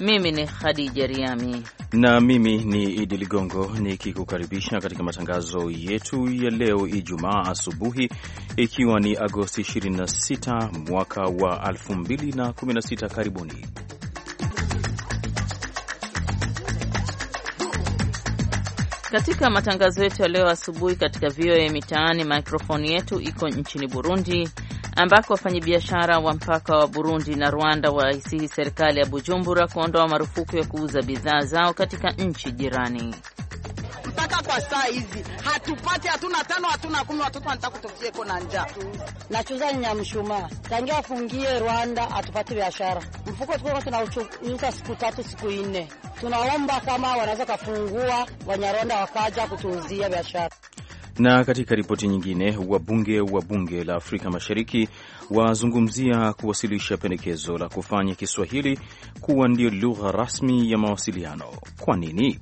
mimi ni Khadija Riami na mimi ni Idi Ligongo nikikukaribisha katika matangazo yetu ya leo Ijumaa asubuhi, ikiwa ni Agosti 26 mwaka wa 2016. Karibuni katika matangazo yetu ya leo asubuhi katika VOA Mitaani. Mikrofoni yetu iko nchini Burundi ambako wafanyabiashara wa mpaka wa Burundi na Rwanda waisihi serikali ya Bujumbura kuondoa marufuku ya kuuza bidhaa zao katika nchi jirani. Mpaka kwa saa hizi hatupati, hatuna tano, hatuna kumi. Watoto wanataka kutofia iko na njaa. Nachuza nyamshuma tangia afungie Rwanda, hatupati biashara. Mfuko tuko tunauchuza siku tatu siku nne. Tunaomba kama wanaweza kafungua Wanyarwanda wakaja kutuuzia biashara. Na katika ripoti nyingine, wabunge wa bunge la Afrika Mashariki wazungumzia kuwasilisha pendekezo la kufanya Kiswahili kuwa ndio lugha rasmi ya mawasiliano. Kwa nini?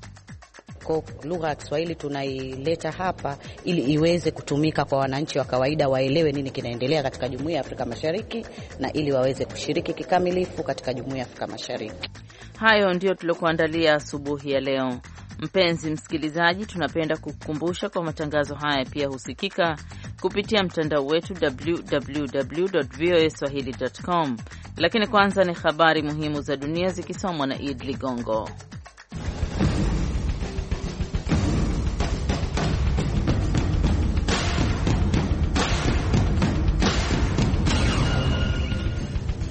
lugha ya Kiswahili tunaileta hapa ili iweze kutumika kwa wananchi wa kawaida, waelewe nini kinaendelea katika Jumuiya ya Afrika Mashariki na ili waweze kushiriki kikamilifu katika Jumuiya ya Afrika Mashariki. Hayo ndiyo tuliokuandalia asubuhi ya leo. Mpenzi msikilizaji, tunapenda kukukumbusha kwa matangazo haya pia husikika kupitia mtandao wetu www voa swahilicom Lakini kwanza ni habari muhimu za dunia zikisomwa na Id Ligongo.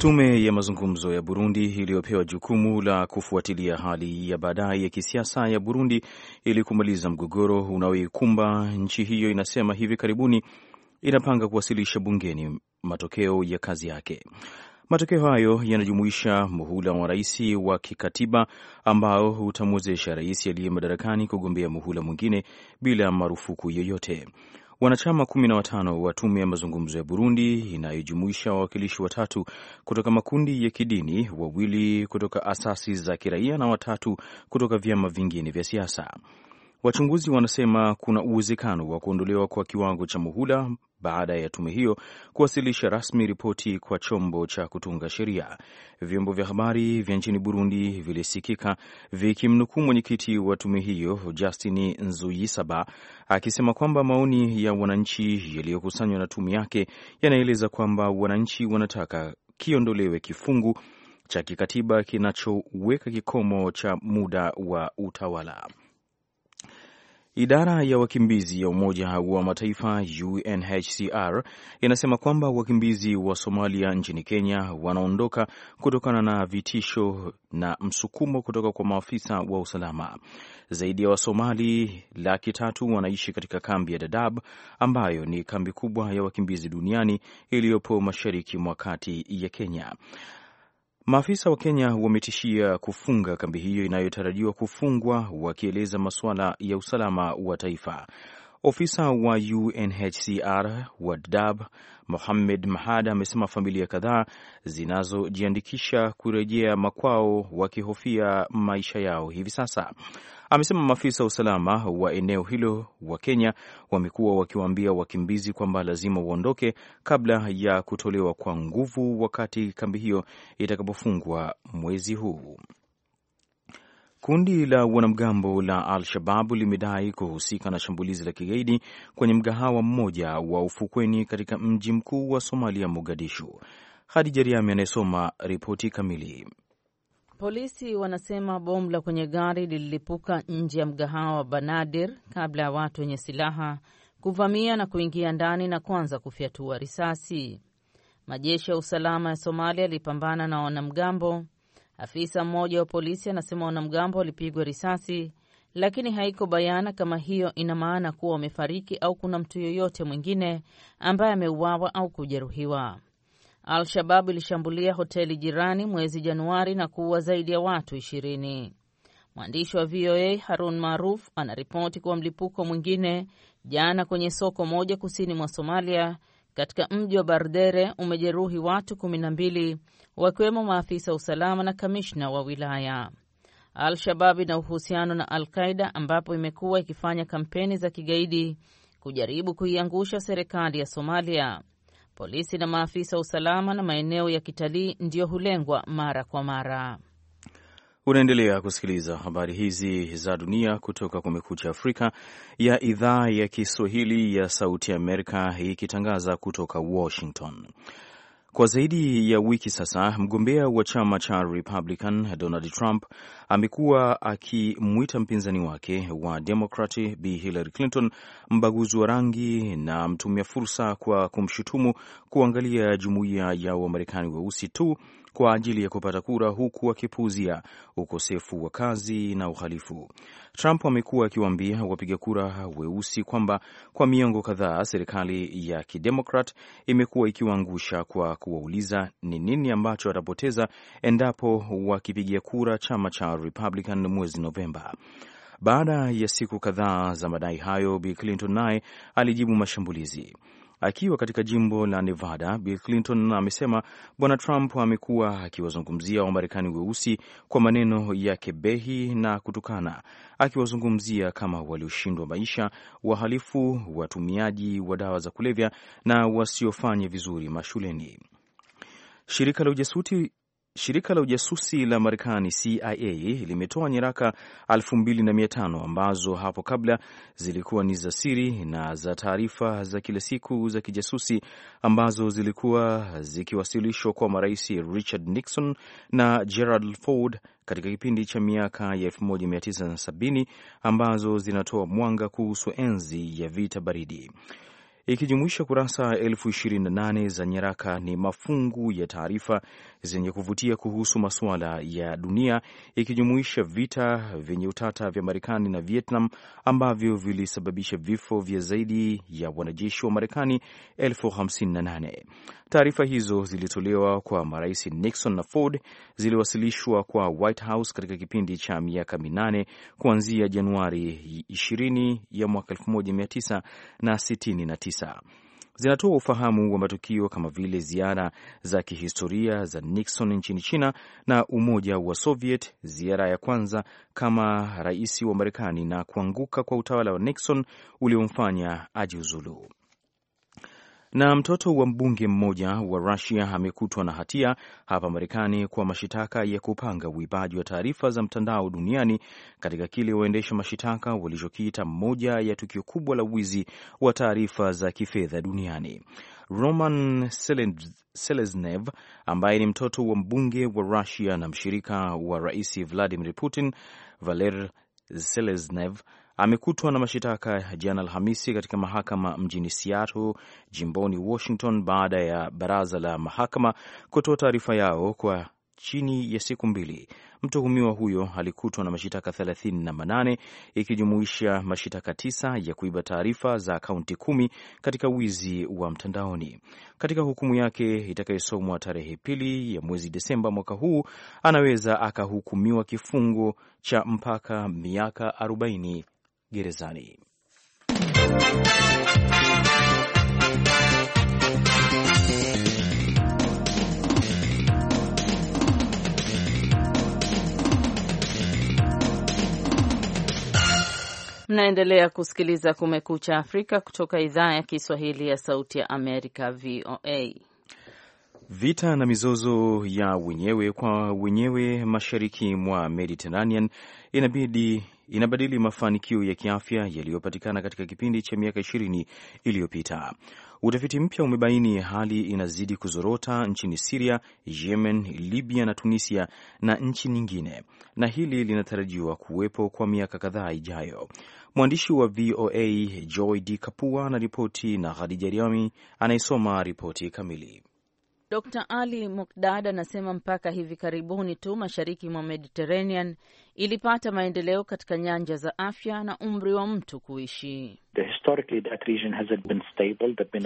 Tume ya mazungumzo ya Burundi iliyopewa jukumu la kufuatilia hali ya baadaye ya kisiasa ya Burundi ili kumaliza mgogoro unaoikumba nchi hiyo inasema hivi karibuni inapanga kuwasilisha bungeni matokeo ya kazi yake. Matokeo hayo yanajumuisha muhula wa rais wa kikatiba ambao utamwezesha rais aliye madarakani kugombea muhula mwingine bila marufuku yoyote. Wanachama kumi na watano wa tume ya mazungumzo ya Burundi inayojumuisha wawakilishi watatu kutoka makundi ya kidini, wawili kutoka asasi za kiraia na watatu kutoka vyama vingine vya siasa Wachunguzi wanasema kuna uwezekano wa kuondolewa kwa kiwango cha muhula baada ya tume hiyo kuwasilisha rasmi ripoti kwa chombo cha kutunga sheria. Vyombo vya habari vya nchini Burundi vilisikika vikimnukuu mwenyekiti wa tume hiyo Justin Nzuyisaba akisema kwamba maoni ya wananchi yaliyokusanywa na tume yake yanaeleza kwamba wananchi wanataka kiondolewe kifungu cha kikatiba kinachoweka kikomo cha muda wa utawala. Idara ya wakimbizi ya Umoja wa Mataifa UNHCR inasema kwamba wakimbizi wa Somalia nchini Kenya wanaondoka kutokana na vitisho na msukumo kutoka kwa maafisa wa usalama. Zaidi ya Wasomali laki tatu wanaishi katika kambi ya Dadaab ambayo ni kambi kubwa ya wakimbizi duniani iliyopo mashariki mwa kati ya Kenya. Maafisa wa Kenya wametishia kufunga kambi hiyo inayotarajiwa kufungwa wakieleza masuala ya usalama wa taifa. Ofisa wa UNHCR wa Dadaab Mohamed Mahada amesema familia kadhaa zinazojiandikisha kurejea makwao wakihofia maisha yao hivi sasa. Amesema maafisa wa usalama wa eneo hilo wa Kenya wamekuwa wakiwaambia wakimbizi kwamba lazima waondoke kabla ya kutolewa kwa nguvu wakati kambi hiyo itakapofungwa mwezi huu. Kundi la wanamgambo la Al-Shababu limedai kuhusika na shambulizi la kigaidi kwenye mgahawa mmoja wa ufukweni katika mji mkuu wa Somalia, Mogadishu. Hadija Riami anayesoma ripoti kamili. Polisi wanasema bomu la kwenye gari lililipuka nje ya mgahawa wa Banadir kabla ya watu wenye silaha kuvamia na kuingia ndani na kuanza kufyatua risasi. Majeshi ya usalama ya Somalia yalipambana na wanamgambo Afisa mmoja wa polisi anasema wanamgambo walipigwa risasi, lakini haiko bayana kama hiyo ina maana kuwa wamefariki au kuna mtu yoyote mwingine ambaye ameuawa au kujeruhiwa. al shabab ilishambulia hoteli jirani mwezi Januari na kuua zaidi ya watu ishirini. Mwandishi wa VOA Harun Maruf anaripoti kuwa mlipuko mwingine jana kwenye soko moja kusini mwa Somalia katika mji wa Bardere umejeruhi watu 12 wakiwemo maafisa wa usalama na kamishna wa wilaya. Al-Shabab ina uhusiano na Al-Qaida ambapo imekuwa ikifanya kampeni za kigaidi kujaribu kuiangusha serikali ya Somalia. Polisi na maafisa wa usalama na maeneo ya kitalii ndiyo hulengwa mara kwa mara. Unaendelea kusikiliza habari hizi za dunia kutoka Kumekucha Afrika ya idhaa ya Kiswahili ya Sauti Amerika ikitangaza kutoka Washington. Kwa zaidi ya wiki sasa, mgombea wa chama cha Republican Donald Trump amekuwa akimwita mpinzani wake wa Demokrat Bi Hillary Clinton mbaguzi wa rangi na mtumia fursa kwa kumshutumu kuangalia jumuiya ya Wamarekani weusi wa tu kwa ajili ya kupata kura huku akipuuzia ukosefu wa kazi na uhalifu. Trump amekuwa akiwaambia wapiga kura weusi kwamba kwa miongo kadhaa serikali ya kidemokrat imekuwa ikiwaangusha kwa kuwauliza ni nini ambacho atapoteza endapo wakipiga kura chama cha Republican mwezi Novemba. Baada ya siku kadhaa za madai hayo, Bi Clinton naye alijibu mashambulizi. Akiwa katika jimbo la Nevada, Bill Clinton amesema Bwana Trump amekuwa akiwazungumzia Wamarekani weusi kwa maneno ya kebehi na kutukana, akiwazungumzia kama walioshindwa maisha, wahalifu, watumiaji wa dawa za kulevya na wasiofanya vizuri mashuleni. Shirika la ujasuti Shirika la ujasusi la Marekani CIA limetoa nyaraka 2500 ambazo hapo kabla zilikuwa ni za siri na za taarifa za kila siku za kijasusi ambazo zilikuwa zikiwasilishwa kwa marais Richard Nixon na Gerald Ford katika kipindi cha miaka ya 1970 ambazo zinatoa mwanga kuhusu enzi ya vita baridi ikijumuisha kurasa elfu ishirini na nane za nyaraka. Ni mafungu ya taarifa zenye kuvutia kuhusu masuala ya dunia ikijumuisha vita vyenye utata vya Marekani na Vietnam ambavyo vilisababisha vifo vya zaidi ya wanajeshi wa Marekani elfu hamsini na nane. Taarifa hizo zilitolewa kwa marais Nixon na Ford, ziliwasilishwa kwa White House katika kipindi cha miaka minane kuanzia Januari 20 ya mwaka 1969 zinatoa ufahamu wa matukio kama vile ziara za kihistoria za Nixon nchini China na Umoja wa Soviet, ziara ya kwanza kama rais wa Marekani na kuanguka kwa utawala wa Nixon uliomfanya ajiuzulu. Na mtoto wa mbunge mmoja wa Rusia amekutwa na hatia hapa Marekani kwa mashitaka ya kupanga uibaji wa taarifa za mtandao duniani katika kile waendesha mashitaka walichokiita moja ya tukio kubwa la wizi wa taarifa za kifedha duniani. Roman Seleznev ambaye ni mtoto wa mbunge wa Rusia na mshirika wa Rais Vladimir Putin, Valer Selesnev, amekutwa na mashitaka jana Alhamisi katika mahakama mjini Seattle, jimboni Washington, baada ya baraza la mahakama kutoa taarifa yao kwa chini ya siku mbili. Mtuhumiwa huyo alikutwa na mashitaka 38 ikijumuisha mashitaka tisa ya kuiba taarifa za akaunti kumi katika wizi wa mtandaoni. Katika hukumu yake itakayosomwa tarehe pili ya mwezi Desemba mwaka huu, anaweza akahukumiwa kifungo cha mpaka miaka arobaini gerezani. Mnaendelea kusikiliza Kumekucha Afrika kutoka idhaa ya Kiswahili ya Sauti ya Amerika, VOA. Vita na mizozo ya wenyewe kwa wenyewe mashariki mwa Mediterranean inabidi inabadili mafanikio ya kiafya yaliyopatikana katika kipindi cha miaka ishirini iliyopita. Utafiti mpya umebaini hali inazidi kuzorota nchini Siria, Yemen, Libya na Tunisia na nchi nyingine, na hili linatarajiwa kuwepo kwa miaka kadhaa ijayo. Mwandishi wa VOA Joy D Kapua anaripoti na Khadija Riami anayesoma ripoti kamili. Dr Ali Mukdad anasema mpaka hivi karibuni tu mashariki mwa Mediterranean ilipata maendeleo katika nyanja za afya na umri wa mtu kuishi.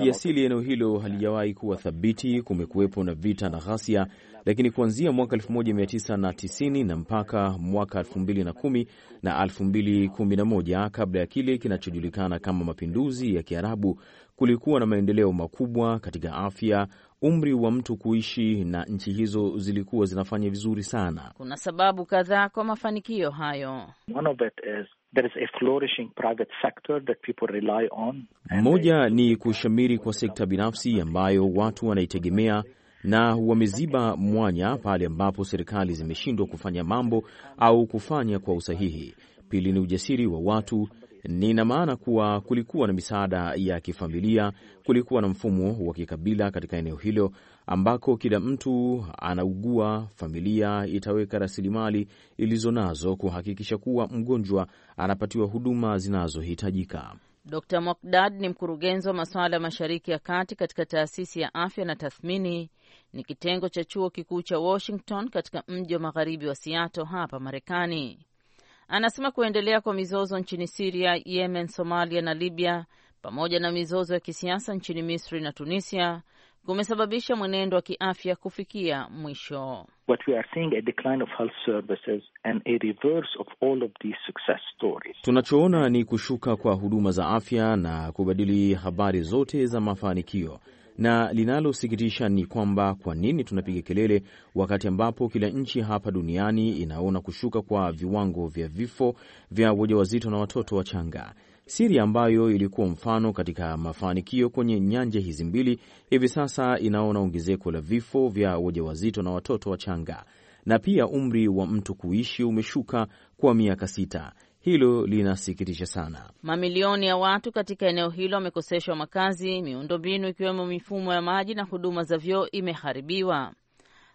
Kiasili eneo hilo halijawahi kuwa thabiti, kumekuwepo na vita na ghasia, lakini kuanzia mwaka 1990 na mpaka mwaka 2010 na 2011, kabla ya kile kinachojulikana kama mapinduzi ya Kiarabu, kulikuwa na maendeleo makubwa katika afya, umri wa mtu kuishi na nchi hizo zilikuwa zinafanya vizuri sana. Kuna sababu kadhaa kwa mafanikio hayo. One of it is Moja ni kushamiri kwa sekta binafsi ambayo watu wanaitegemea na wameziba mwanya pale ambapo serikali zimeshindwa kufanya mambo au kufanya kwa usahihi. Pili ni ujasiri wa watu Nina maana kuwa kulikuwa na misaada ya kifamilia, kulikuwa na mfumo wa kikabila katika eneo hilo ambako kila mtu anaugua, familia itaweka rasilimali ilizo nazo kuhakikisha kuwa mgonjwa anapatiwa huduma zinazohitajika. d Mokdad ni mkurugenzi wa masuala ya Mashariki ya Kati katika taasisi ya afya na tathmini, ni kitengo cha chuo kikuu cha Washington katika mji wa magharibi wa Seattle hapa Marekani. Anasema kuendelea kwa mizozo nchini Siria, Yemen, Somalia na Libya pamoja na mizozo ya kisiasa nchini Misri na Tunisia kumesababisha mwenendo wa kiafya kufikia mwisho. Tunachoona ni kushuka kwa huduma za afya na kubadili habari zote za mafanikio na linalosikitisha ni kwamba kwa nini tunapiga kelele wakati ambapo kila nchi hapa duniani inaona kushuka kwa viwango vya vifo vya wajawazito na watoto wachanga. Siria ambayo ilikuwa mfano katika mafanikio kwenye nyanja hizi mbili, hivi sasa inaona ongezeko la vifo vya wajawazito na watoto wachanga, na pia umri wa mtu kuishi umeshuka kwa miaka sita. Hilo linasikitisha sana. Mamilioni ya watu katika eneo hilo wamekoseshwa makazi, miundombinu ikiwemo mifumo ya maji na huduma za vyoo imeharibiwa.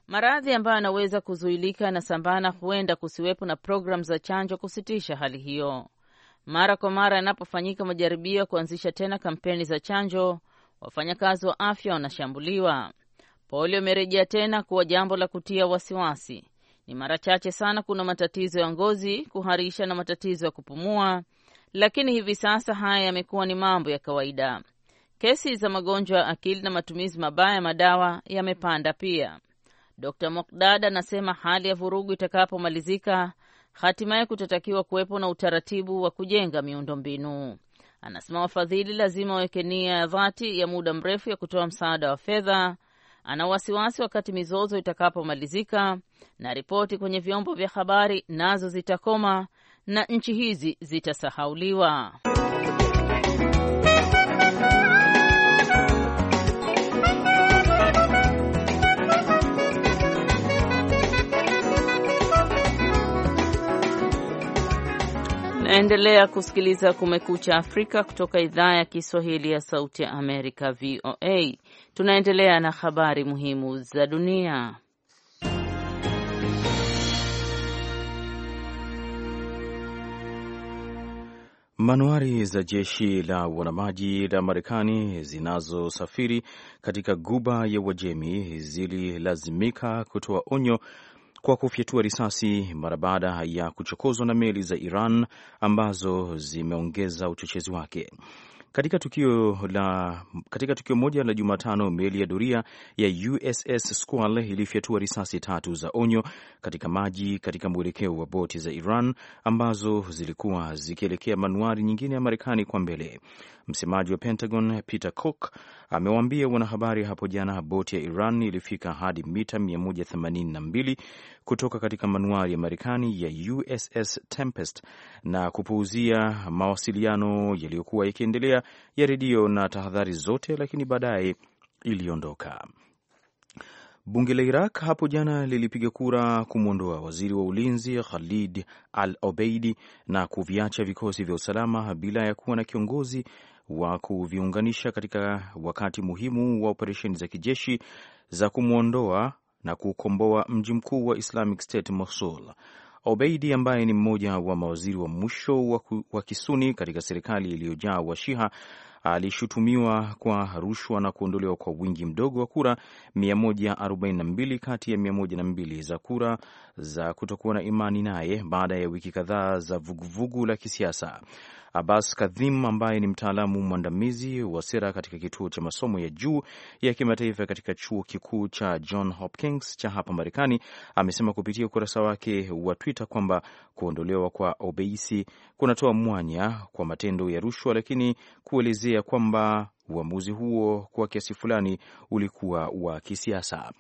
Maradhi ambayo yanaweza kuzuilika na sambana, huenda kusiwepo na programu za chanjo kusitisha hali hiyo. Mara kwa mara yanapofanyika majaribio ya kuanzisha tena kampeni za chanjo, wafanyakazi wa afya wanashambuliwa. Polio imerejea tena kuwa jambo la kutia wasiwasi. Ni mara chache sana kuna matatizo ya ngozi, kuharisha na matatizo ya kupumua, lakini hivi sasa haya yamekuwa ni mambo ya kawaida. Kesi za magonjwa ya akili na matumizi mabaya ya madawa yamepanda pia. Dr Mokdad anasema hali ya vurugu itakapomalizika, hatimaye kutatakiwa kuwepo na utaratibu wa kujenga miundombinu. Anasema wafadhili lazima waweke nia ya dhati ya muda mrefu ya kutoa msaada wa fedha ana wasiwasi wakati mizozo itakapomalizika na ripoti kwenye vyombo vya habari nazo zitakoma na nchi hizi zitasahauliwa. Unaendelea kusikiliza Kumekucha Afrika kutoka idhaa ya Kiswahili ya Sauti ya Amerika, VOA. Tunaendelea na habari muhimu za dunia. Manuari za jeshi la wanamaji la Marekani zinazosafiri katika Guba ya Uajemi zililazimika kutoa onyo kwa kufyatua risasi mara baada ya kuchokozwa na meli za Iran ambazo zimeongeza uchochezi wake. Katika tukio, la, katika tukio moja la Jumatano, meli ya doria ya USS Squall ilifyatua risasi tatu za onyo katika maji katika mwelekeo wa boti za Iran ambazo zilikuwa zikielekea manuari nyingine ya Marekani kwa mbele. Msemaji wa Pentagon Peter Cook amewaambia wanahabari hapo jana boti ya Iran ilifika hadi mita 182 kutoka katika manuari ya Marekani ya USS Tempest na kupuuzia mawasiliano yaliyokuwa yakiendelea ya redio na tahadhari zote, lakini baadaye iliondoka. Bunge la Iraq hapo jana lilipiga kura kumwondoa waziri wa ulinzi Khalid Al Obeidi na kuviacha vikosi vya usalama bila ya kuwa na kiongozi wa kuviunganisha katika wakati muhimu wa operesheni za kijeshi za kumwondoa na kuukomboa mji mkuu wa Islamic State Mosul. Obeidi ambaye ni mmoja wa mawaziri wa mwisho wa, wa kisuni katika serikali iliyojaa washiha alishutumiwa kwa rushwa na kuondolewa kwa wingi mdogo wa kura 142 kati ya 102 za kura za kutokuwa na imani naye baada ya wiki kadhaa za vuguvugu la kisiasa. Abbas Kadhim ambaye ni mtaalamu mwandamizi wa sera katika kituo cha masomo ya juu ya kimataifa katika chuo kikuu cha John Hopkins cha hapa Marekani amesema kupitia ukurasa wake wa Twitter kwamba kuondolewa kwa Obeisi kunatoa mwanya kwa matendo ya rushwa, lakini kuelezea kwamba Uamuzi huo kwa kiasi fulani ulikuwa wa kisiasa.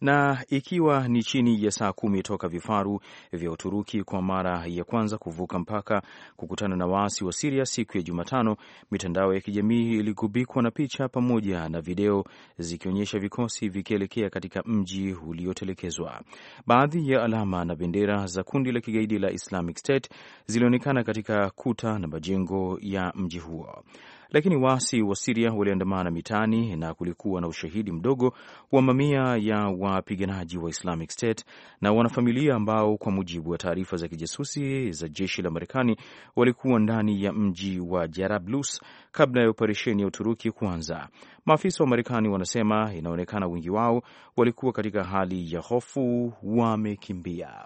Na ikiwa ni chini ya saa kumi toka vifaru vya Uturuki kwa mara ya kwanza kuvuka mpaka kukutana na waasi wa Siria siku ya Jumatano, mitandao ya kijamii iligubikwa na picha pamoja na video zikionyesha vikosi vikielekea katika mji uliotelekezwa. Baadhi ya alama na bendera za kundi la kigaidi la Islamic State zilionekana katika kuta na majengo ya mji huo lakini waasi wa Siria waliandamana mitaani na kulikuwa na ushahidi mdogo wa mamia ya wapiganaji wa Islamic State na wanafamilia ambao kwa mujibu wa taarifa za kijasusi za jeshi la Marekani walikuwa ndani ya mji wa Jarablus kabla ya operesheni ya Uturuki kuanza. Maafisa wa Marekani wanasema inaonekana wengi wao walikuwa katika hali ya hofu, wamekimbia.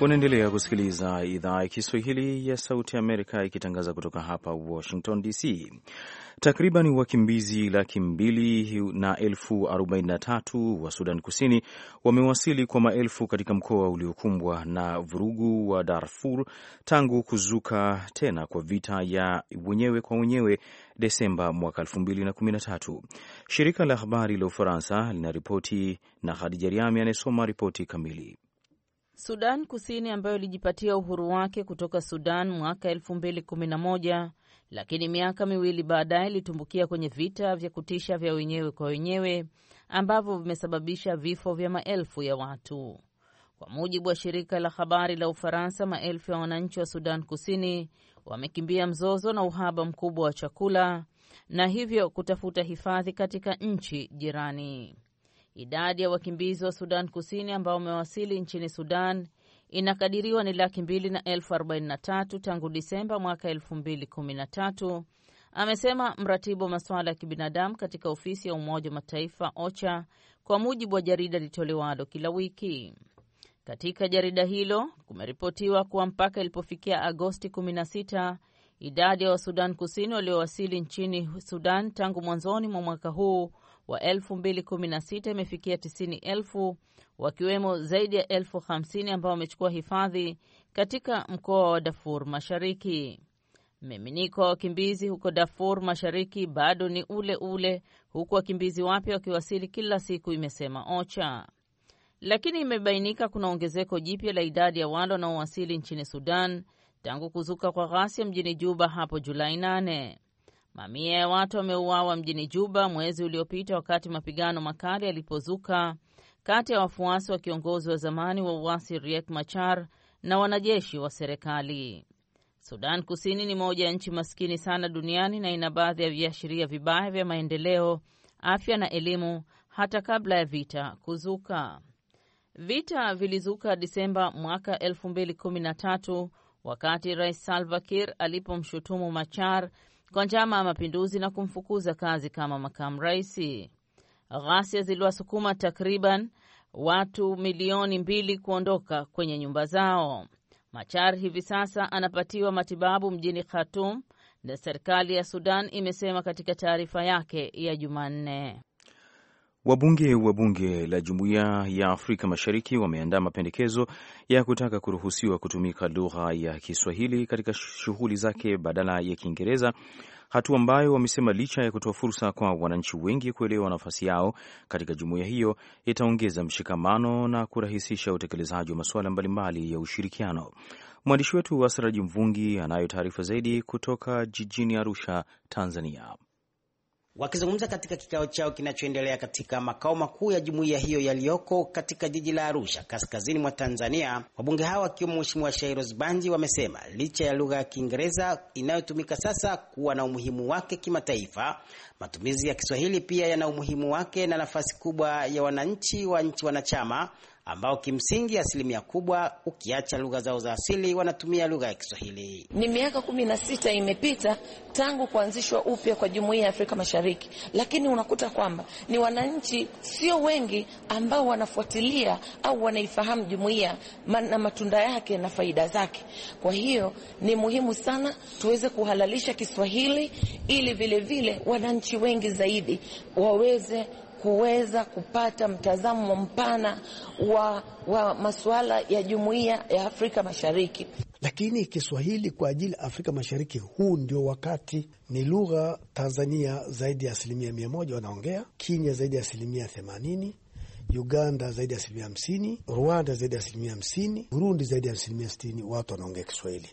Unaendelea kusikiliza idhaa ya Kiswahili ya Sauti ya Amerika ikitangaza kutoka hapa Washington DC. Takriban wakimbizi laki mbili na elfu arobaini na tatu wa Sudan Kusini wamewasili kwa maelfu katika mkoa uliokumbwa na vurugu wa Darfur tangu kuzuka tena kwa vita ya wenyewe kwa wenyewe Desemba mwaka tatu. Shirika la habari la Ufaransa linaripoti na Khadija Riami anayesoma ripoti kamili. Sudan Kusini ambayo ilijipatia uhuru wake kutoka Sudan mwaka 2011 lakini miaka miwili baadaye ilitumbukia kwenye vita vya kutisha vya wenyewe kwa wenyewe ambavyo vimesababisha vifo vya maelfu ya watu. Kwa mujibu wa shirika la habari la Ufaransa, maelfu ya wananchi wa Sudan Kusini wamekimbia mzozo na uhaba mkubwa wa chakula na hivyo kutafuta hifadhi katika nchi jirani. Idadi ya wakimbizi wa Sudan Kusini ambao wamewasili nchini Sudan inakadiriwa ni laki mbili na elfu arobaini na tatu tangu Disemba mwaka elfu mbili kumi na tatu, amesema mratibu wa masuala ya kibinadamu katika ofisi ya Umoja wa Mataifa OCHA kwa mujibu wa jarida litolewalo kila wiki. Katika jarida hilo kumeripotiwa kuwa mpaka ilipofikia Agosti 16 idadi ya Wasudan Kusini waliowasili nchini Sudan tangu mwanzoni mwa mwaka huu wa 2016 imefikia 90,000 wakiwemo zaidi ya 50 ambao wamechukua hifadhi katika mkoa wa Darfur Mashariki. miminiko wa wakimbizi huko Darfur Mashariki bado ni ule ule, huku wakimbizi wapya wakiwasili kila siku, imesema OCHA. Lakini imebainika kuna ongezeko jipya la idadi ya wale wanaowasili nchini Sudan tangu kuzuka kwa ghasia mjini Juba hapo Julai 8. Mamia ya watu wameuawa mjini Juba mwezi uliopita wakati mapigano makali yalipozuka kati ya wafuasi wa kiongozi wa zamani wa uasi Riek Machar na wanajeshi wa serikali. Sudan Kusini ni moja ya nchi maskini sana duniani na ina baadhi ya viashiria vibaya vya maendeleo, afya na elimu hata kabla ya vita kuzuka. Vita vilizuka Disemba mwaka 2013 wakati Rais Salva Kiir alipomshutumu Machar kwa njama ya mapinduzi na kumfukuza kazi kama makamu rais Ghasia ziliwasukuma takriban watu milioni mbili kuondoka kwenye nyumba zao. Machar hivi sasa anapatiwa matibabu mjini Khartoum na serikali ya Sudan imesema katika taarifa yake ya Jumanne. Wabunge wa bunge la Jumuiya ya Afrika Mashariki wameandaa mapendekezo ya kutaka kuruhusiwa kutumika lugha ya Kiswahili katika shughuli zake badala ya Kiingereza, hatua ambayo wamesema licha ya kutoa fursa kwa wananchi wengi kuelewa nafasi yao katika jumuiya hiyo, itaongeza mshikamano na kurahisisha utekelezaji wa masuala mbalimbali ya ushirikiano. Mwandishi wetu Wasiraji Mvungi anayo taarifa zaidi kutoka jijini Arusha, Tanzania. Wakizungumza katika kikao chao kinachoendelea katika makao makuu ya jumuiya hiyo yaliyoko katika jiji la Arusha, kaskazini mwa Tanzania, wabunge hao wakiwemo Mheshimiwa Shairos Banji wamesema licha ya lugha ya Kiingereza inayotumika sasa kuwa na umuhimu wake kimataifa, matumizi ya Kiswahili pia yana umuhimu wake na nafasi kubwa ya wananchi wa nchi wanachama ambao kimsingi asilimia kubwa ukiacha lugha zao za asili wanatumia lugha ya Kiswahili. Ni miaka kumi na sita imepita tangu kuanzishwa upya kwa Jumuiya ya Afrika Mashariki, lakini unakuta kwamba ni wananchi sio wengi ambao wanafuatilia au wanaifahamu jumuiya na matunda yake na faida zake. Kwa hiyo ni muhimu sana tuweze kuhalalisha Kiswahili ili vilevile wananchi wengi zaidi waweze kuweza kupata mtazamo mpana wa, wa masuala ya jumuiya ya Afrika Mashariki. Lakini Kiswahili kwa ajili ya Afrika Mashariki, huu ndio wakati. Ni lugha Tanzania zaidi ya asilimia mia moja wanaongea, Kenya zaidi ya asilimia themanini Uganda zaidi ya asilimia hamsini, Rwanda zaidi ya asilimia hamsini, Burundi zaidi ya asilimia sitini watu wanaongea Kiswahili.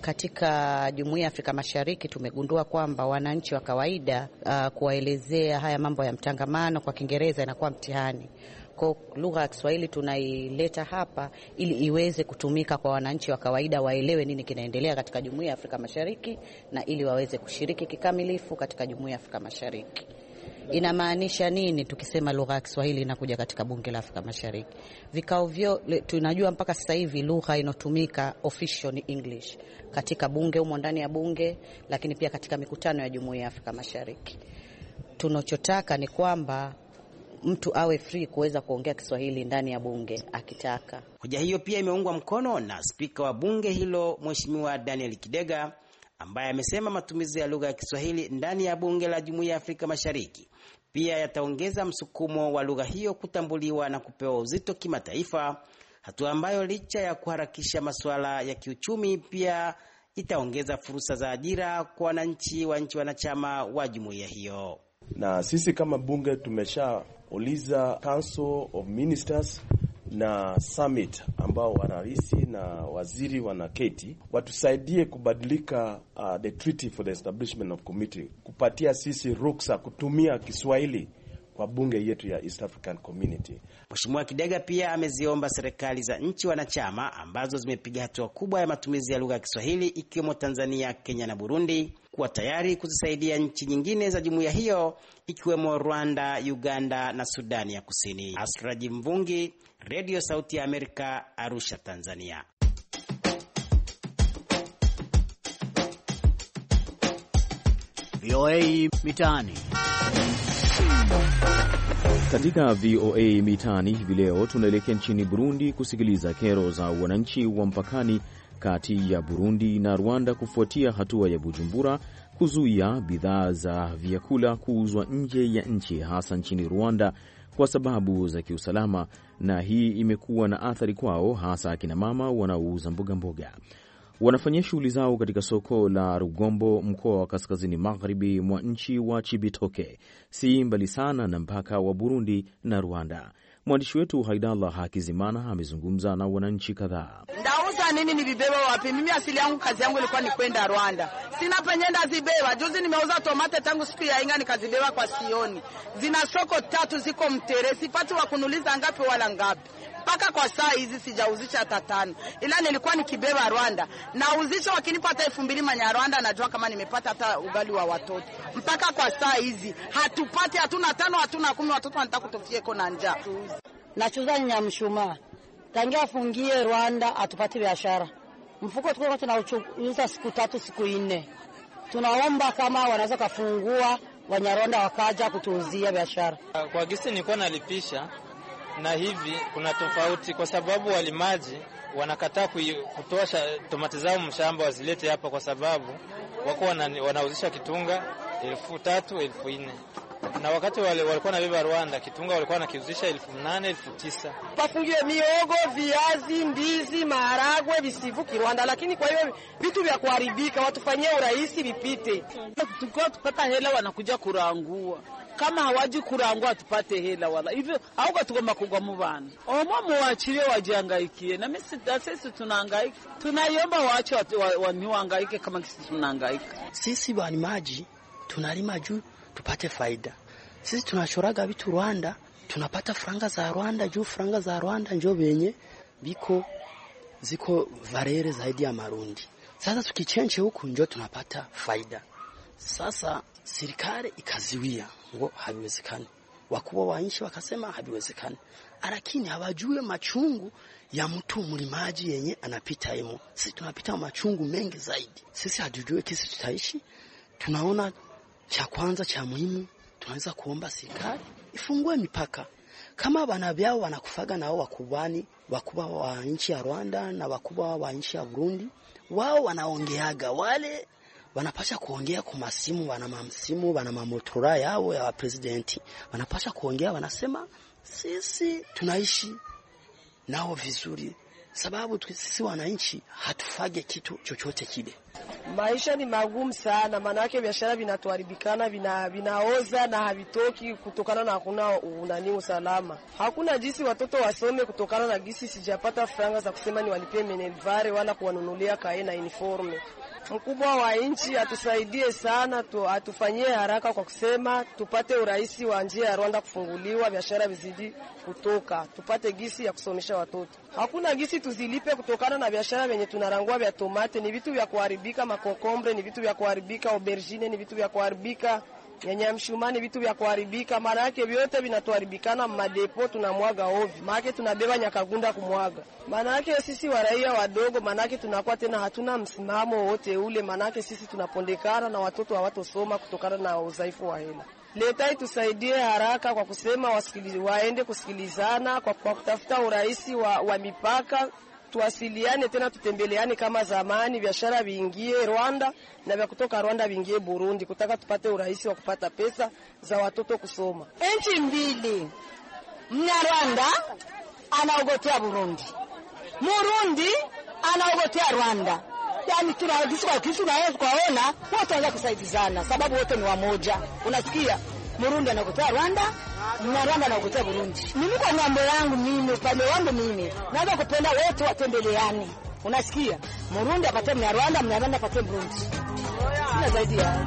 Katika jumuiya ya Afrika Mashariki tumegundua kwamba wananchi wa kawaida uh, kuwaelezea haya mambo ya mtangamano kwa Kiingereza inakuwa mtihani kwa lugha ya Kiswahili tunaileta hapa ili iweze kutumika kwa wananchi wa kawaida waelewe nini kinaendelea katika jumuiya ya Afrika Mashariki na ili waweze kushiriki kikamilifu katika jumuiya ya Afrika Mashariki. Inamaanisha nini tukisema lugha ya Kiswahili inakuja katika bunge la Afrika Mashariki? Vikao vyo tunajua mpaka sasa hivi lugha inotumika official ni English katika bunge, humo ndani ya bunge, lakini pia katika mikutano ya Jumuiya ya Afrika Mashariki. Tunachotaka ni kwamba mtu awe free kuweza kuongea Kiswahili ndani ya bunge akitaka. Hoja hiyo pia imeungwa mkono na spika wa bunge hilo Mheshimiwa Daniel Kidega ambaye amesema matumizi ya lugha ya Kiswahili ndani ya bunge la Jumuiya ya Afrika Mashariki pia yataongeza msukumo wa lugha hiyo kutambuliwa na kupewa uzito kimataifa, hatua ambayo licha ya kuharakisha masuala ya kiuchumi, pia itaongeza fursa za ajira kwa wananchi wa nchi wanachama wa jumuiya hiyo. Na sisi kama bunge tumeshauliza Council of Ministers na summit ambao wanarisi na waziri wanaketi watusaidie kubadilika uh, the treaty for the establishment of committee kupatia sisi ruksa kutumia Kiswahili kwa bunge yetu ya East African Community. Mheshimiwa Kidega pia ameziomba serikali za nchi wanachama ambazo zimepiga hatua kubwa ya matumizi ya lugha ya Kiswahili ikiwemo Tanzania, Kenya na Burundi kuwa tayari kuzisaidia nchi nyingine za jumuiya hiyo ikiwemo Rwanda, Uganda na Sudani ya Kusini. Asraji Mvungi, Radio Sauti ya Amerika, Arusha, Tanzania. VOA Mitaani. Katika VOA Mitaani hivi leo tunaelekea nchini Burundi kusikiliza kero za wananchi wa mpakani kati ya Burundi na Rwanda kufuatia hatua ya Bujumbura kuzuia bidhaa za vyakula kuuzwa nje ya nchi hasa nchini Rwanda kwa sababu za kiusalama, na hii imekuwa na athari kwao, hasa akina mama wanaouza mbogamboga mboga wanafanyia shughuli zao katika soko la Rugombo, mkoa wa kaskazini magharibi mwa nchi wa Chibitoke, si mbali sana na mpaka wa Burundi na Rwanda. Mwandishi wetu Haidallah Hakizimana amezungumza na wananchi kadhaa. Ndauza nini? Nivibeba wapi? Mimi asili yangu, kazi yangu ilikuwa ni kwenda Rwanda, sina penye zibeba. Juzi nimeuza tomate tangu siku ya inga nikazibeba kwa sioni. Zina soko tatu, ziko mtere, sipati wakunuliza ngapi wala ngapi mpaka kwa saa hizi sijauzisha hata tano, ila nilikuwa nikibeba Rwanda nauzisha, wakinipa hata elfu mbili manya Rwanda najua kama nimepata hata ugali wa watoto. Mpaka kwa saa hizi hatupati, hatuna tano, hatuna kumi, watoto wanataka kutofia iko na njaa. Nachuza nyamshumaa tangia afungie Rwanda atupati biashara, mfuko tuko tunauchuza siku tatu siku nne. Tunaomba kama wanaweza kafungua Wanyarwanda wakaja kutuuzia biashara. Kwa gisi nilikuwa nalipisha na hivi kuna tofauti, kwa sababu walimaji wanakataa kutoa tomati zao mshamba wazilete hapa, kwa sababu wako wanauzisha kitunga elfu tatu elfu nne na wakati wale walikuwa na beba Rwanda kitunga walikuwa nakiuzisha elfu nane elfu tisa Pafungiwe miogo, viazi, ndizi, maharagwe visivuki Rwanda, lakini kwa hiyo vitu vya kuharibika watufanyie urahisi vipite, tukao tupata hela wanakuja kurangua kama hawaji kurangwa tupate hela wala hivyo, ahubwo tugomba kugwa mu bantu omwo muwachirie wajihangaikie, na misi na sisi tunahangaika, tunaiomba waache wanihangaike wa, wa, kama sisi tunahangaika. Sisi walimaji tunalima juu tupate faida. Sisi tunashoraga bitu Rwanda, tunapata franga za Rwanda juu franga za Rwanda njo benye biko ziko varere zaidi ya Marundi. Sasa tukichenche huku njo tunapata faida. Sasa serikali ikaziwia ngo haiwezekani, wakubwa wa nchi wakasema haviwezekani, lakini hawajue machungu ya mtu mlimaji yenye anapita imo. Sisi tunapita machungu mengi zaidi, sisi hatujue kisi tutaishi. Tunaona cha kwanza cha muhimu, tunaweza kuomba serikali ifungue mipaka kama bana vyao wanakufaga nao wakubwani, wakubwa wa nchi ya Rwanda na wakubwa wa nchi ya Burundi, wao wanaongeaga wale wanapasha kuongea kwa masimu, wana mamsimu, wana mamotora yao ya presidenti, wanapasha kuongea, wanasema sisi tunaishi nao vizuri, sababu sisi wananchi hatufage kitu chochote kile. Maisha ni magumu sana, maana yake biashara vinatuharibikana, vina, vinaoza na havitoki kutokana na hakuna unani usalama. Hakuna jinsi watoto wasome kutokana na gisi sijapata franga za kusema ni walipie menevare wala kuwanunulia kae na uniforme. Mkubwa wa nchi atusaidie sana tu, atufanyie haraka kwa kusema tupate urahisi wa njia ya Rwanda kufunguliwa, biashara vizidi kutoka, tupate gisi ya kusomesha watoto. Hakuna gisi tuzilipe kutokana na biashara venye tunarangua vya tomate, ni vitu vya kuharibika kuharibika, makokombre ni vitu vya kuharibika, aubergine ni vitu vya kuharibika, nyanya nyanyamshuma ni vitu vya kuharibika. Maana yake vyote vinatuharibikana madepo, tunamwaga ovi, maana yake tunabeba nyakagunda kumwaga. Maana yake sisi waraia wadogo, maana yake tunakuwa tena hatuna msimamo wote ule, maana yake sisi tunapondekana na watoto hawatosoma kutokana na udhaifu wa hela. Leta itusaidie haraka kwa kusema wasikiliz, waende kusikilizana kwa, kwa kutafuta urahisi wa, wa mipaka tuwasiliane tena, tutembeleane kama zamani, biashara viingie Rwanda na vya kutoka Rwanda viingie Burundi, kutaka tupate urahisi wa kupata pesa za watoto kusoma. Nchi mbili, Mnyarwanda anaogotea Burundi, Murundi anaogotea Rwanda. Yani tunaweza tukaona wote wanaweza kusaidizana, sababu wote ni wamoja. Unasikia, Murundi anaogotea Rwanda Mnaranda na kutoka Burundi. Mimi kwa ngambo yangu mimi upande wangu mimi naweza kupenda wote watembeleani. Unasikia? Murundi apate Mnyarwanda, Mnyarwanda apate Burundi. Sina zaidi ya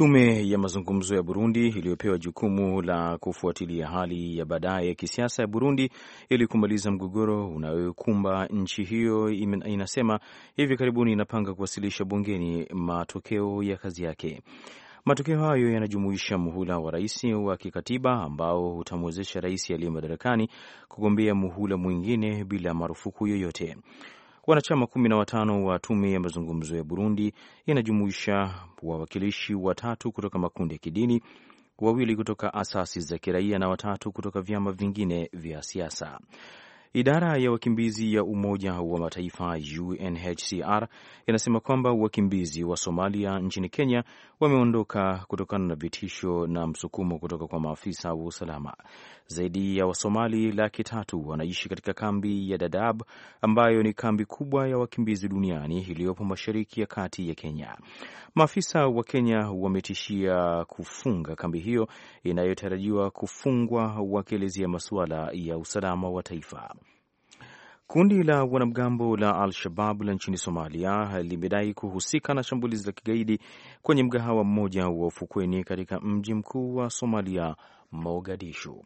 Tume ya mazungumzo ya Burundi iliyopewa jukumu la kufuatilia hali ya baadaye ya kisiasa ya Burundi ili kumaliza mgogoro unayokumba nchi hiyo inasema hivi karibuni inapanga kuwasilisha bungeni matokeo ya kazi yake. Matokeo hayo yanajumuisha muhula wa rais wa kikatiba ambao utamwezesha rais aliye madarakani kugombea muhula mwingine bila marufuku yoyote. Wanachama kumi na watano wa tume ya mazungumzo ya Burundi inajumuisha wawakilishi watatu kutoka makundi ya kidini, wawili kutoka asasi za kiraia na watatu kutoka vyama vingine vya siasa. Idara ya wakimbizi ya Umoja wa Mataifa UNHCR inasema kwamba wakimbizi wa Somalia nchini Kenya wameondoka kutokana na vitisho na msukumo kutoka kwa maafisa wa usalama. Zaidi ya Wasomali laki tatu wanaishi katika kambi ya Dadaab ambayo ni kambi kubwa ya wakimbizi duniani iliyopo mashariki ya kati ya Kenya. Maafisa wa Kenya wametishia kufunga kambi hiyo inayotarajiwa kufungwa wakielezea masuala ya usalama wa taifa. Kundi la wanamgambo la Al-Shabab la nchini Somalia limedai kuhusika na shambulizi la kigaidi kwenye mgahawa mmoja wa ufukweni katika mji mkuu wa Somalia, Mogadishu.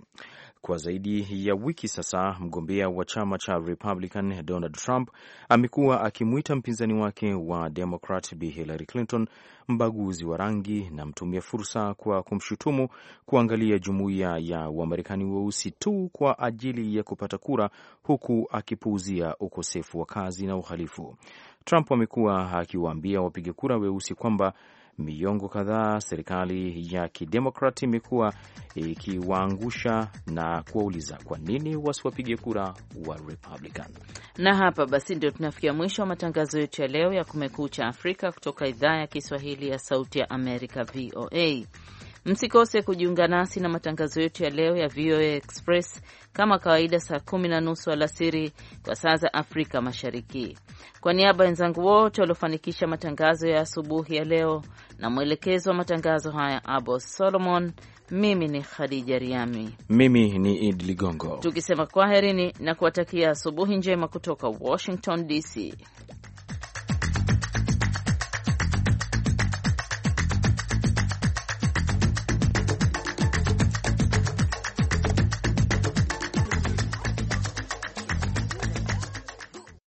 Kwa zaidi ya wiki sasa, mgombea wa chama cha Republican Donald Trump amekuwa akimwita mpinzani wake wa Democrat Bi Hillary Clinton mbaguzi wa rangi na mtumia fursa kwa kumshutumu kuangalia jumuiya ya Wamarekani weusi wa tu kwa ajili ya kupata kura, huku akipuuzia ukosefu wa kazi na uhalifu. Trump amekuwa akiwaambia wapiga kura weusi kwamba miongo kadhaa serikali ya kidemokrat imekuwa ikiwaangusha na kuwauliza kwa nini wasiwapige kura wa Republican. Na hapa basi ndio tunafikia mwisho wa matangazo yetu ya leo ya Kumekucha Afrika kutoka idhaa ya Kiswahili ya Sauti ya Amerika, VOA. Msikose kujiunga nasi na matangazo yetu ya leo ya VOA Express kama kawaida, saa kumi na nusu alasiri kwa saa za Afrika Mashariki. Kwa niaba ya wenzangu wote waliofanikisha matangazo ya asubuhi ya leo na mwelekezo wa matangazo haya Abo Solomon, mimi ni Khadija Riami, mimi ni Idi Ligongo, tukisema kwaherini na kuwatakia asubuhi njema kutoka Washington DC.